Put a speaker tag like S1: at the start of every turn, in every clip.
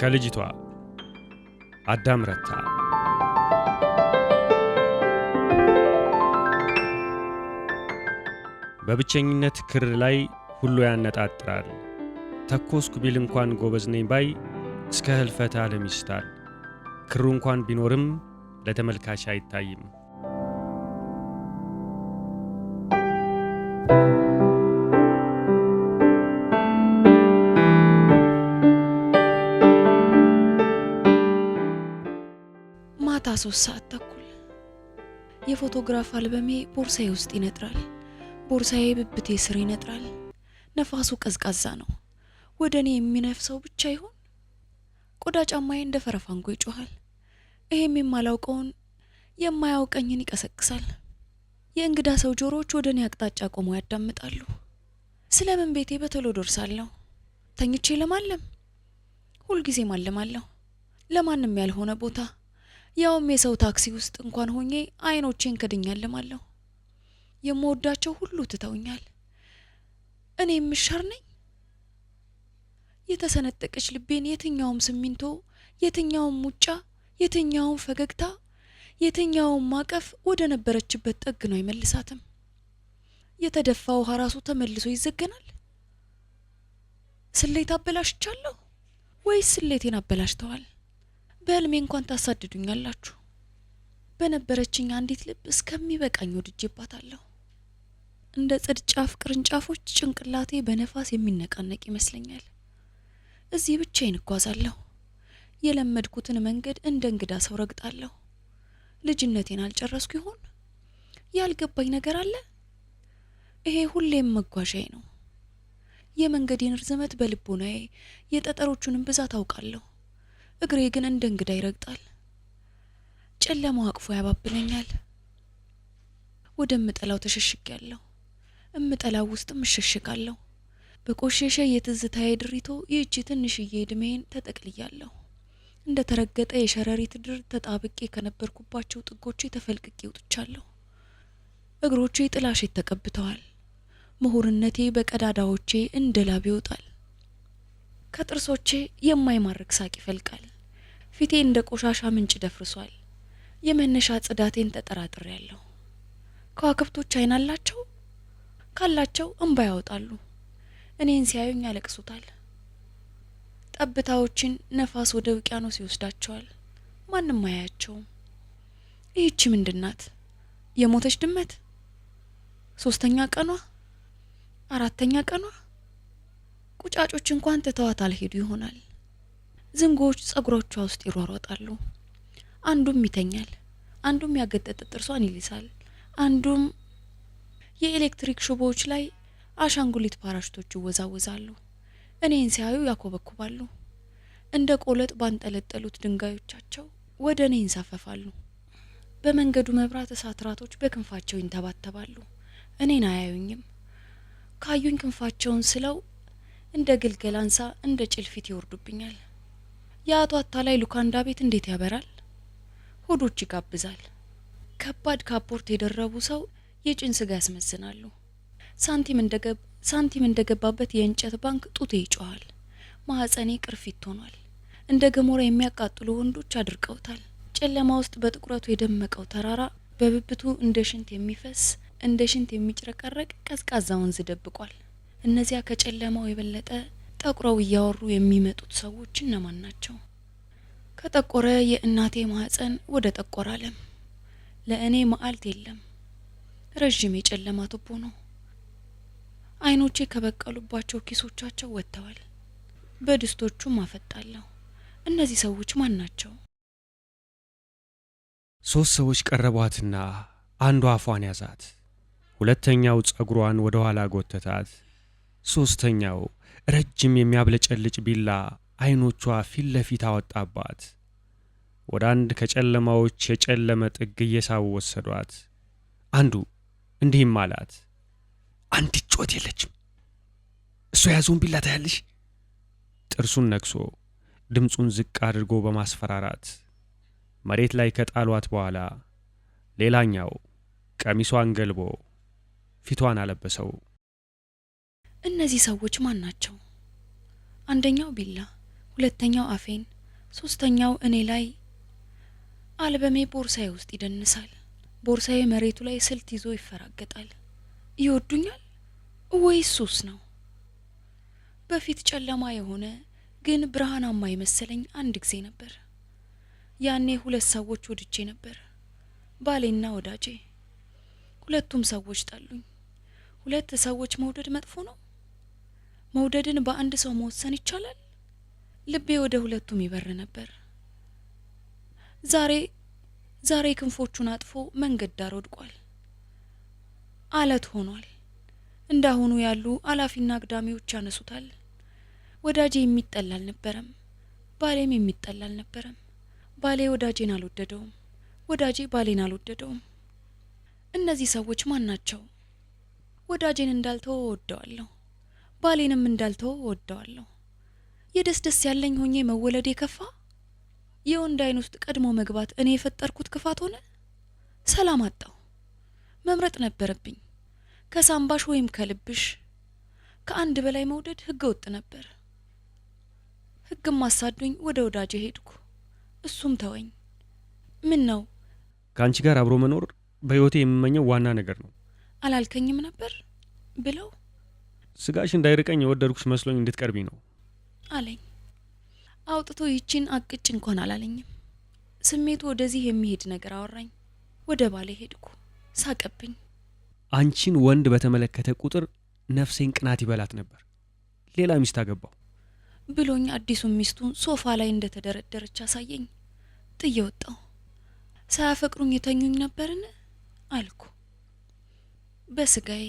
S1: ከልጅቷ አዳም ረታ በብቸኝነት ክር ላይ ሁሉ ያነጣጥራል። ተኮስኩ ቢል እንኳን ጎበዝ ነኝ ባይ እስከ ህልፈተ ዓለም ይስታል። ክሩ እንኳን ቢኖርም ለተመልካች አይታይም።
S2: ማታ ሶስት ሰዓት ተኩል የፎቶግራፍ አልበሜ ቦርሳዬ ውስጥ ይነጥራል። ቦርሳዬ ብብቴ ስር ይነጥራል። ነፋሱ ቀዝቃዛ ነው። ወደ እኔ የሚነፍሰው ብቻ ይሆን? ቆዳ ጫማዬ እንደ ፈረፋንጎ ይጮኋል። ይሄም የማላውቀውን የማያውቀኝን ይቀሰቅሳል። የእንግዳ ሰው ጆሮዎች ወደ እኔ አቅጣጫ ቆመው ያዳምጣሉ። ስለምን ቤቴ በቶሎ ደርሳለሁ? ተኝቼ ለማለም ሁልጊዜ ማለማለሁ። ለማንም ያልሆነ ቦታ ያውም የሰው ታክሲ ውስጥ እንኳን ሆኜ አይኖቼን ከድኛ ለማለሁ። የምወዳቸው ሁሉ ትተውኛል። እኔ የምሻር ነኝ። የተሰነጠቀች ልቤን የትኛውም ሲሚንቶ፣ የትኛውም ሙጫ፣ የትኛውም ፈገግታ፣ የትኛውም ማቀፍ ወደ ነበረችበት ጠግ ነው አይመልሳትም። የተደፋ ውሃ ራሱ ተመልሶ ይዘገናል። ስሌት አበላሽቻለሁ ወይስ ስሌቴን አበላሽተዋል? በህልሜ እንኳን ታሳድዱኛላችሁ። በነበረችኝ አንዲት ልብ እስከሚበቃኝ ወድጄባታለሁ። እንደ ጽድ ጫፍ ቅርንጫፎች ጭንቅላቴ በነፋስ የሚነቃነቅ ይመስለኛል። እዚህ ብቻዬን እጓዛለሁ። የለመድኩትን መንገድ እንደ እንግዳ ሰው ረግጣለሁ። ልጅነቴን አልጨረስኩ ይሆን? ያልገባኝ ነገር አለ። ይሄ ሁሌም መጓዣዬ ነው። የመንገዴን ርዝመት በልቦናዬ የጠጠሮቹንም ብዛት አውቃለሁ። እግሬ ግን እንደ እንግዳ ይረግጣል። ጨለማው አቅፎ ያባብለኛል። ወደምጠላው ተሸሽጌያለሁ። እምጠላው ውስጥ እምሸሸጋለሁ። በቆሸሸ የትዝታዬ ድሪቶ ይህቺ ትንሽዬ እድሜን ተጠቅልያለሁ። እንደ ተረገጠ የሸረሪት ድር ተጣብቄ ከነበርኩባቸው ጥጎቼ ተፈልቅቄ ወጥቻለሁ። እግሮቼ ጥላሸት ተቀብተዋል። ምሁርነቴ በቀዳዳዎቼ እንደ ላብ ይወጣል። ከጥርሶቼ የማይማርክ ሳቅ ይፈልቃል። ፊቴ እንደ ቆሻሻ ምንጭ ደፍርሷል። የመነሻ ጽዳቴን ተጠራጥሬ ያለሁ። ከዋክብቶች አይን አላቸው ካላቸው እንባ ያወጣሉ። እኔን ሲያዩኝ ያለቅሱታል። ጠብታዎችን ነፋስ ወደ ውቅያኖስ ይወስዳቸዋል። ማንም አያያቸውም። ይህቺ ምንድናት? የሞተች ድመት። ሶስተኛ ቀኗ፣ አራተኛ ቀኗ። ቁጫጮች እንኳን ትተዋት አልሄዱ ይሆናል። ዝንጎዎች ጸጉሮቿ ውስጥ ይሯሯጣሉ። አንዱም ይተኛል፣ አንዱም ያገጠጠ ጥርሷን ይልሳል፣ አንዱም የኤሌክትሪክ ሽቦዎች ላይ አሻንጉሊት ፓራሽቶች ይወዛወዛሉ። እኔን ሲያዩ ያኮበኩባሉ። እንደ ቆለጥ ባንጠለጠሉት ድንጋዮቻቸው ወደ እኔ ይንሳፈፋሉ። በመንገዱ መብራት እሳትራቶች በክንፋቸው ይንተባተባሉ። እኔን አያዩኝም። ካዩኝ ክንፋቸውን ስለው እንደ ግልገል አንሳ እንደ ጭልፊት ይወርዱብኛል። የአቶ አታላይ ሉካንዳ ቤት እንዴት ያበራል! ሆዶች ይጋብዛል። ከባድ ካፖርት የደረቡ ሰው የጭን ስጋ ያስመዝናሉ። ሳንቲም እንደገባ ሳንቲም እንደገባበት የእንጨት ባንክ ጡቴ ይጮኋል። ማህፀኔ ቅርፊት ሆኗል። እንደ ገሞራ የሚያቃጥሉ ወንዶች አድርቀውታል። ጨለማ ውስጥ በጥቁረቱ የደመቀው ተራራ በብብቱ እንደ ሽንት የሚፈስ እንደ ሽንት የሚጭረቀረቅ ቀዝቃዛ ወንዝ ደብቋል። እነዚያ ከጨለማው የበለጠ ጠቁረው እያወሩ የሚመጡት ሰዎች እነማን ናቸው? ከጠቆረ የእናቴ ማህፀን ወደ ጠቆረ ዓለም ለእኔ መዓልት የለም። ረዥም የጨለማ ቱቦ ነው። አይኖቼ ከበቀሉባቸው ኪሶቻቸው ወጥተዋል። በድስቶቹም አፈጣለሁ። እነዚህ ሰዎች ማን ናቸው?
S1: ሶስት ሰዎች ቀረቧትና አንዷ አፏን ያዛት፣ ሁለተኛው ጸጉሯን ወደ ኋላ ጎተታት፣ ሶስተኛው ረጅም የሚያብለጨልጭ ቢላ አይኖቿ ፊት ለፊት አወጣባት። ወደ አንድ ከጨለማዎች የጨለመ ጥግ እየሳቡ ወሰዷት። አንዱ እንዲህም አላት፣ አንዲት ጩኸት የለችም። እሱ የያዘውን ቢላ ታያለሽ። ጥርሱን ነክሶ ድምፁን ዝቅ አድርጎ በማስፈራራት መሬት ላይ ከጣሏት በኋላ ሌላኛው ቀሚሷን ገልቦ ፊቷን አለበሰው።
S2: እነዚህ ሰዎች ማን ናቸው? አንደኛው ቢላ፣ ሁለተኛው አፌን፣ ሶስተኛው እኔ ላይ አልበሜ ቦርሳዬ ውስጥ ይደንሳል። ቦርሳዬ መሬቱ ላይ ስልት ይዞ ይፈራገጣል። ይወዱኛል ወይስ ሱስ ነው? በፊት ጨለማ የሆነ ግን ብርሃናማ የመሰለኝ አንድ ጊዜ ነበር። ያኔ ሁለት ሰዎች ወድጄ ነበር፣ ባሌና ወዳጄ። ሁለቱም ሰዎች ጠሉኝ። ሁለት ሰዎች መውደድ መጥፎ ነው? መውደድን በአንድ ሰው መወሰን ይቻላል? ልቤ ወደ ሁለቱም ይበር ነበር። ዛሬ ዛሬ ክንፎቹን አጥፎ መንገድ ዳር ወድቋል። አለት ሆኗል። እንዳሁኑ ያሉ አላፊና አግዳሚዎች ያነሱታል። ወዳጄ የሚጠላ አልነበረም፣ ባሌም የሚጠላ አልነበረም። ባሌ ወዳጄን አልወደደውም፣ ወዳጄ ባሌን አልወደደውም። እነዚህ ሰዎች ማን ናቸው? ወዳጄን እንዳልተው ወደዋለሁ? ባሌንም እንዳልተው ወደዋለሁ? የደስ ደስ ያለኝ ሆኜ መወለዴ ከፋ የወንድ አይን ውስጥ ቀድሞ መግባት እኔ የፈጠርኩት ክፋት ሆነ? ሰላም አጣሁ። መምረጥ ነበረብኝ፣ ከሳምባሽ ወይም ከልብሽ። ከአንድ በላይ መውደድ ህገ ወጥ ነበር። ህግም አሳዶኝ ወደ ወዳጅ ሄድኩ፣ እሱም ተወኝ። ምን ነው
S1: ከአንቺ ጋር አብሮ መኖር በህይወቴ የምመኘው ዋና ነገር ነው
S2: አላልከኝም ነበር ብለው
S1: ስጋሽ እንዳይርቀኝ የወደድኩሽ መስሎኝ እንድትቀርቢ ነው
S2: አለኝ። አውጥቶ ይቺን አቅጭ እንኳን አላለኝም። ስሜቱ ወደዚህ የሚሄድ ነገር አወራኝ። ወደ ባሌ ሄድኩ፣ ሳቀብኝ።
S1: አንቺን ወንድ በተመለከተ ቁጥር ነፍሴን ቅናት ይበላት ነበር። ሌላ ሚስት አገባው
S2: ብሎኝ አዲሱን ሚስቱን ሶፋ ላይ እንደተደረደረች አሳየኝ። ጥዬ ወጣሁ። ሳያፈቅሩኝ የተኙኝ ነበርን አልኩ። በስጋዬ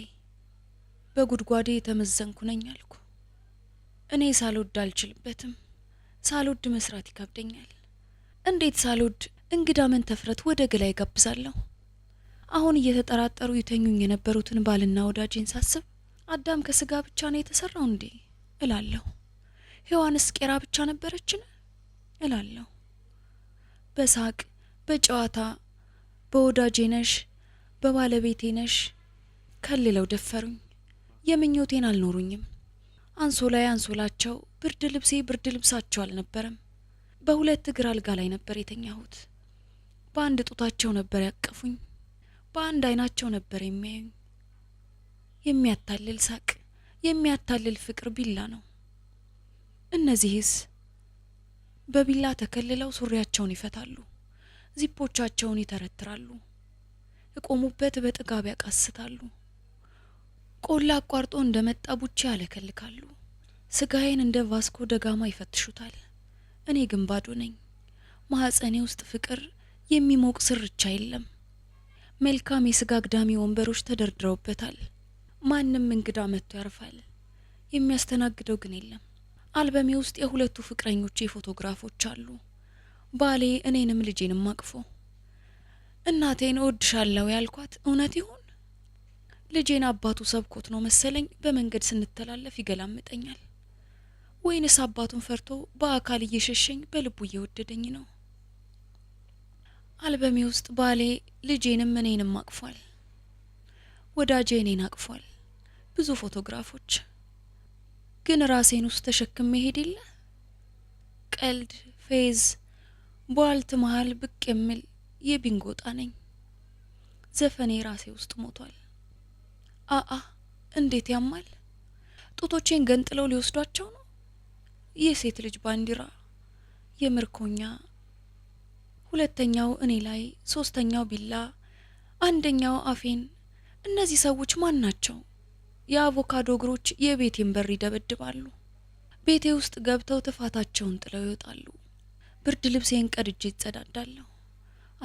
S2: በጉድጓዴ የተመዘንኩ ነኝ አልኩ። እኔ ሳልወድ አልችልበትም። ሳልወድ መስራት ይከብደኛል። እንዴት ሳልወድ እንግዳ መንተፍረት ወደ ገላ ይጋብዛለሁ? አሁን እየተጠራጠሩ ይተኙኝ የነበሩትን ባልና ወዳጄን ሳስብ አዳም ከስጋ ብቻ ነው የተሰራው እንዴ እላለሁ። ሔዋንስ ቄራ ብቻ ነበረችን እላለሁ። በሳቅ በጨዋታ በወዳጄ ነሽ በባለቤቴ ነሽ ከልለው ደፈሩኝ። የምኞቴን አልኖሩኝም። አንሶላ አንሶላቸው፣ ብርድ ልብሴ ብርድ ልብሳቸው አልነበረም። በሁለት እግር አልጋ ላይ ነበር የተኛሁት። በአንድ ጡታቸው ነበር ያቀፉኝ፣ በአንድ አይናቸው ነበር የሚያዩኝ። የሚያታልል ሳቅ፣ የሚያታልል ፍቅር ቢላ ነው። እነዚህስ በቢላ ተከልለው ሱሪያቸውን ይፈታሉ፣ ዚፖቻቸውን ይተረትራሉ፣ የቆሙበት በጥጋብ ያቃስታሉ። ቆላ አቋርጦ እንደመጣ ቡቻ ያለከልካሉ። ስጋዬን እንደ ቫስኮ ደጋማ ይፈትሹታል። እኔ ግን ባዶ ነኝ። ማህፀኔ ውስጥ ፍቅር የሚሞቅ ስርቻ የለም። መልካም የስጋ አግዳሚ ወንበሮች ተደርድረውበታል። ማንም እንግዳ መጥቶ ያርፋል። የሚያስተናግደው ግን የለም። አልበሜ ውስጥ የሁለቱ ፍቅረኞቼ ፎቶግራፎች አሉ። ባሌ እኔንም ልጄንም አቅፎ እናቴን እወድሻለሁ ያልኳት እውነት ይሁን ልጄን አባቱ ሰብኮት ነው መሰለኝ በመንገድ ስንተላለፍ ይገላምጠኛል። ወይንስ አባቱን ፈርቶ በአካል እየሸሸኝ በልቡ እየወደደኝ ነው? አልበሜ ውስጥ ባሌ ልጄንም እኔንም አቅፏል። ወዳጄ እኔን አቅፏል። ብዙ ፎቶግራፎች ግን ራሴን ውስጥ ተሸክም ሄድ የለ ቀልድ ፌዝ ቧልት መሀል ብቅ የምል የቢንጎጣ ነኝ። ዘፈኔ ራሴ ውስጥ ሞቷል። አአ እንዴት ያማል! ጡቶቼን ገንጥለው ሊወስዷቸው ነው። የሴት ልጅ ባንዲራ፣ የምርኮኛ ሁለተኛው እኔ ላይ፣ ሶስተኛው ቢላ፣ አንደኛው አፌን። እነዚህ ሰዎች ማን ናቸው? የአቮካዶ እግሮች የቤቴን በር ይደበድባሉ። ቤቴ ውስጥ ገብተው ትፋታቸውን ጥለው ይወጣሉ። ብርድ ልብሴን ቀድጄ ይጸዳዳለሁ።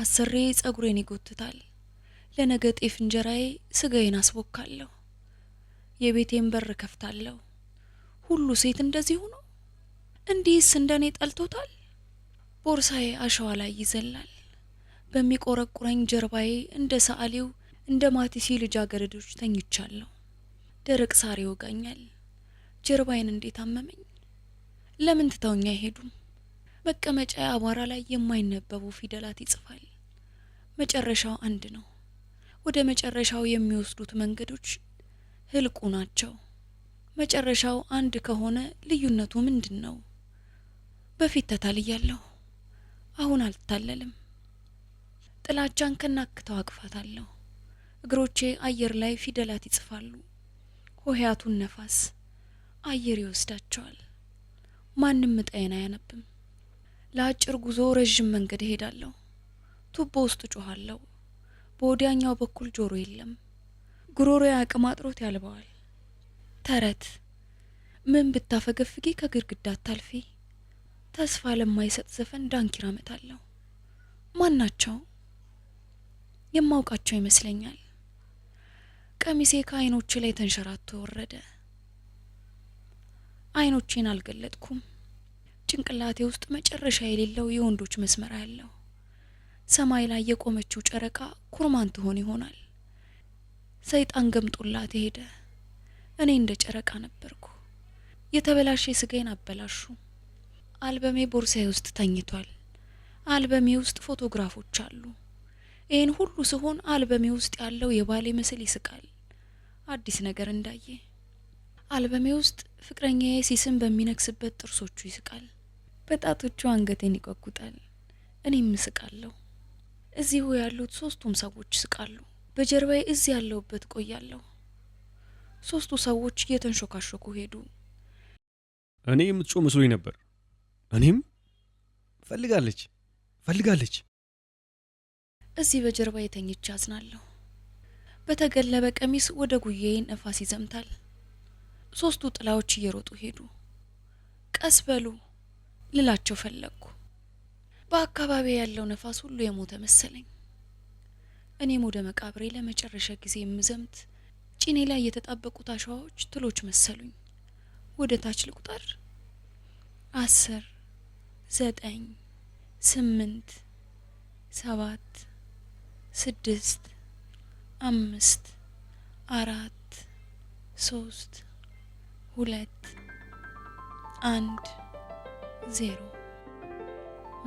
S2: አስሬ ጸጉሬን ይጎትታል። ለነገ ጤፍ እንጀራዬ ስጋዬን አስቦካለሁ። የቤቴን በር ከፍታለሁ። ሁሉ ሴት እንደዚህ ሆኖ እንዲህስ እንደኔ ጠልቶታል። ቦርሳዬ አሸዋ ላይ ይዘላል። በሚቆረቁረኝ ጀርባዬ እንደ ሰዓሊው እንደ ማቲሲ ልጃገረዶች ተኝቻለሁ። ደረቅ ሳር ይወጋኛል። ጀርባዬን እንዴት አመመኝ! ለምን ትተውኝ አይሄዱም? መቀመጫ አቧራ ላይ የማይነበቡ ፊደላት ይጽፋል። መጨረሻው አንድ ነው። ወደ መጨረሻው የሚወስዱት መንገዶች ህልቁ ናቸው። መጨረሻው አንድ ከሆነ ልዩነቱ ምንድን ነው? በፊት ተታልያለሁ፣ አሁን አልታለልም። ጥላቻን ከናክተው አቅፋታለሁ። እግሮቼ አየር ላይ ፊደላት ይጽፋሉ። ሆሄያቱን ነፋስ አየር ይወስዳቸዋል። ማንም እጣዬን አያነብም። ለአጭር ጉዞ ረዥም መንገድ እሄዳለሁ። ቱቦ ውስጥ ጮኋለሁ። በወዲያኛው በኩል ጆሮ የለም። ጉሮሮ አቅም አጥሮት ያልበዋል። ተረት ምን ብታፈገፍጊ ከግድግዳ አታልፊ፣ ተስፋ ለማይሰጥ ዘፈን ዳንኪራ አመጣለሁ። ማን ናቸው? የማውቃቸው ይመስለኛል። ቀሚሴ ከአይኖቼ ላይ ተንሸራቶ ወረደ። አይኖቼን አልገለጥኩም። ጭንቅላቴ ውስጥ መጨረሻ የሌለው የወንዶች መስመር ያለው? ሰማይ ላይ የቆመችው ጨረቃ ኩርማን ትሆን ይሆናል። ሰይጣን ገምጦላት የሄደ! እኔ እንደ ጨረቃ ነበርኩ። የተበላሸ ስጋዬን አበላሹ። አልበሜ ቦርሳዬ ውስጥ ተኝቷል። አልበሜ ውስጥ ፎቶግራፎች አሉ። ይህን ሁሉ ስሆን አልበሜ ውስጥ ያለው የባሌ ምስል ይስቃል። አዲስ ነገር እንዳየ አልበሜ ውስጥ ፍቅረኛዬ ሲስም በሚነክስበት ጥርሶቹ ይስቃል። በጣቶቹ አንገቴን ይቆቁጣል። እኔም ምስቃለሁ። እዚሁ ያሉት ሶስቱም ሰዎች ይስቃሉ። በጀርባዬ እዚህ ያለሁበት ቆያለሁ። ሶስቱ ሰዎች እየተንሾካሾኩ ሄዱ።
S1: እኔ የምትጮ መስሎኝ ነበር። እኔም ፈልጋለች ፈልጋለች።
S2: እዚህ በጀርባ የተኝቼ አዝናለሁ። በተገለበ ቀሚስ ወደ ጉያዬ ነፋስ ይዘምታል። ሶስቱ ጥላዎች እየሮጡ ሄዱ። ቀስ በሉ ልላቸው ፈለግኩ። በአካባቢ ያለው ነፋስ ሁሉ የሞተ መሰለኝ። እኔም ወደ መቃብሬ ለመጨረሻ ጊዜ የምዘምት ጭኔ ላይ የተጣበቁት አሸዋዎች ትሎች መሰሉኝ። ወደ ታች ልቁጠር። አስር ዘጠኝ ስምንት ሰባት ስድስት አምስት አራት ሶስት ሁለት አንድ ዜሮ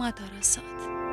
S2: ما